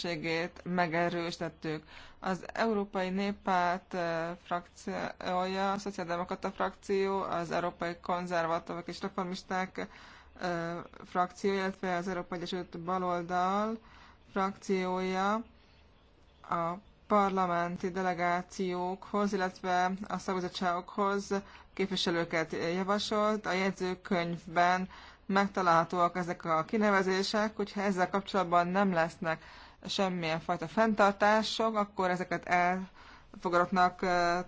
felelősségét megerősítettük. Az Európai Néppárt eh, frakciója, a Szociáldemokrata frakció, az Európai Konzervatívok és Reformisták eh, frakció, illetve az Európai Egyesült Baloldal frakciója a parlamenti delegációkhoz, illetve a szakbizottságokhoz képviselőket javasolt. A jegyzőkönyvben megtalálhatóak ezek a kinevezések, hogyha ezzel kapcsolatban nem lesznek semmilyen fajta fenntartások, akkor ezeket elfogadottnak